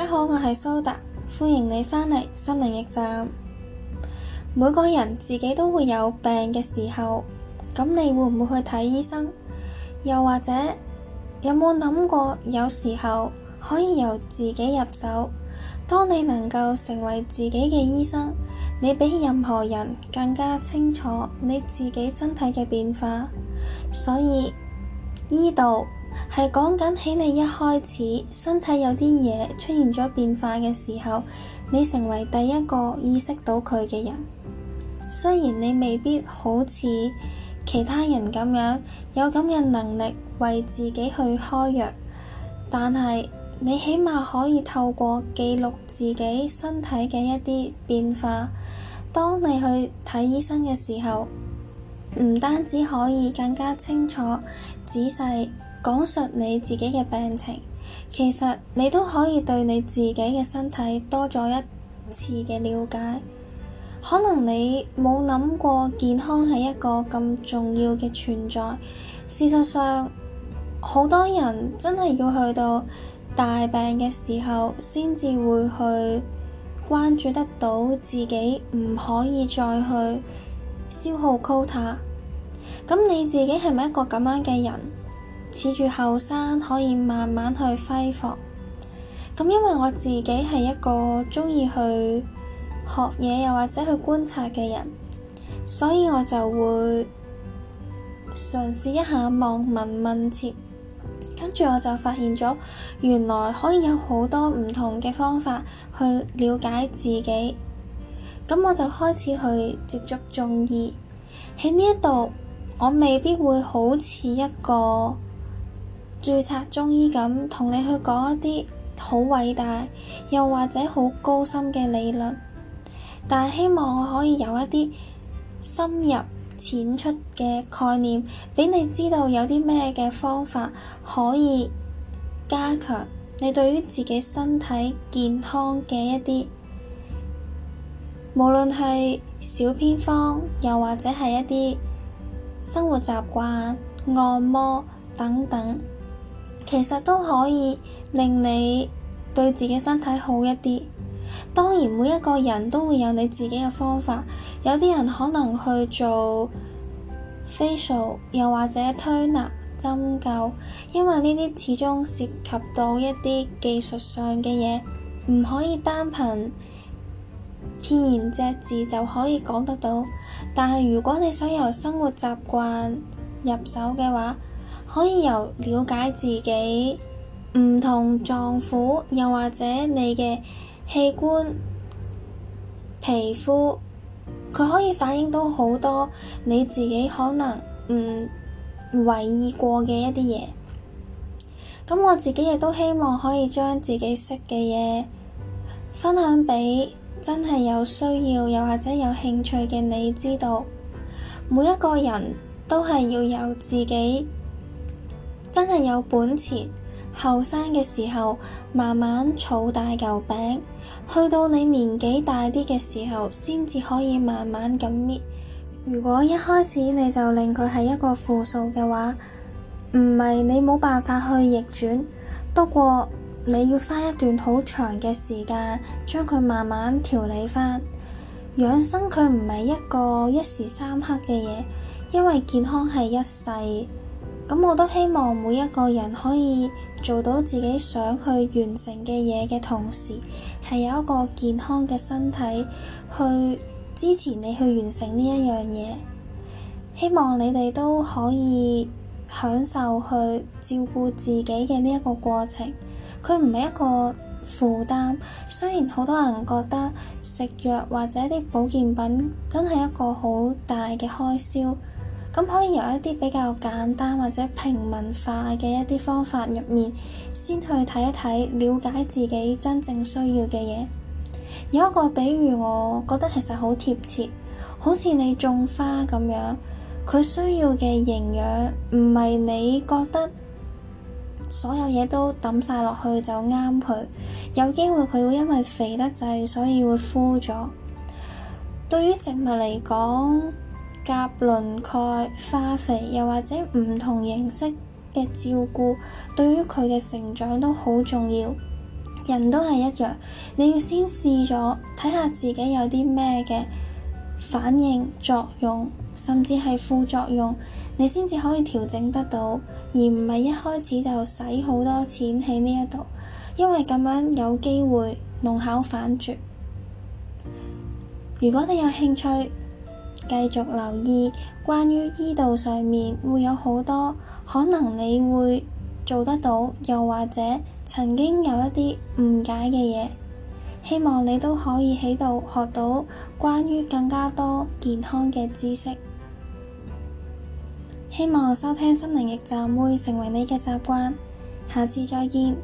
大家好，我係蘇達，歡迎你返嚟心靈驛站。每個人自己都會有病嘅時候，咁你會唔會去睇醫生？又或者有冇諗過，有時候可以由自己入手？當你能夠成為自己嘅醫生，你比任何人更加清楚你自己身體嘅變化。所以伊道。係講緊起你一開始身體有啲嘢出現咗變化嘅時候，你成為第一個意識到佢嘅人。雖然你未必好似其他人咁樣有咁嘅能力為自己去開藥，但係你起碼可以透過記錄自己身體嘅一啲變化，當你去睇醫生嘅時候，唔單止可以更加清楚、仔細，講述你自己嘅病情，其實你都可以對你自己嘅身體多咗一次嘅了解。可能你冇諗過健康係一個咁重要嘅存在。事實上，好多人真係要去到大病嘅時候，先至會去關注得到自己唔可以再去消耗 quota。咁你自己係咪一個咁樣嘅人？似住後生，可以慢慢去揮霍。咁，因為我自己係一個鍾意去學嘢，又或者去觀察嘅人，所以我就會嘗試一下望聞問切。跟住我就發現咗，原來可以有好多唔同嘅方法去了解自己。咁我就開始去接觸中醫。喺呢一度，我未必會好似一個註冊中醫咁，同你去講一啲好偉大又或者好高深嘅理論，但係希望我可以有一啲深入淺出嘅概念，畀你知道有啲咩嘅方法可以加強你對於自己身體健康嘅一啲，無論係小偏方，又或者係一啲生活習慣、按摩等等。其實都可以令你對自己身體好一啲。當然每一個人都會有你自己嘅方法，有啲人可能去做 facial，又或者推拿、er, 針灸，因為呢啲始終涉及到一啲技術上嘅嘢，唔可以單憑片言隻字就可以講得到。但係如果你想由生活習慣入手嘅話，可以由了解自己唔同臟腑，又或者你嘅器官、皮膚，佢可以反映到好多你自己可能唔為意過嘅一啲嘢。咁我自己亦都希望可以將自己識嘅嘢分享畀真係有需要，又或者有興趣嘅你知道，每一個人都係要有自己。真係有本錢，後生嘅時候慢慢儲大嚿餅，去到你年紀大啲嘅時候，先至可以慢慢咁搣。如果一開始你就令佢係一個負數嘅話，唔係你冇辦法去逆轉。不過你要花一段好長嘅時間，將佢慢慢調理翻。養生佢唔係一個一時三刻嘅嘢，因為健康係一世。咁我都希望每一個人可以做到自己想去完成嘅嘢嘅同時，係有一個健康嘅身體去支持你去完成呢一樣嘢。希望你哋都可以享受去照顧自己嘅呢一個過程。佢唔係一個負擔，雖然好多人覺得食藥或者啲保健品真係一個好大嘅開銷。咁可以由一啲比較簡單或者平民化嘅一啲方法入面，先去睇一睇，了解自己真正需要嘅嘢。有一個比喻，我覺得其實好貼切，好似你種花咁樣，佢需要嘅營養唔係你覺得所有嘢都抌晒落去就啱佢，有機會佢會因為肥得滯，所以會枯咗。對於植物嚟講，鉀、磷、鈣、化肥，又或者唔同形式嘅照顧，對於佢嘅成長都好重要。人都係一樣，你要先試咗，睇下自己有啲咩嘅反應、作用，甚至係副作用，你先至可以調整得到，而唔係一開始就使好多錢喺呢一度，因為咁樣有機會弄巧反拙。如果你有興趣。繼續留意關於醫道上面會有好多可能，你會做得到，又或者曾經有一啲誤解嘅嘢，希望你都可以喺度學到關於更加多健康嘅知識。希望收聽心靈驛站會成為你嘅習慣，下次再見。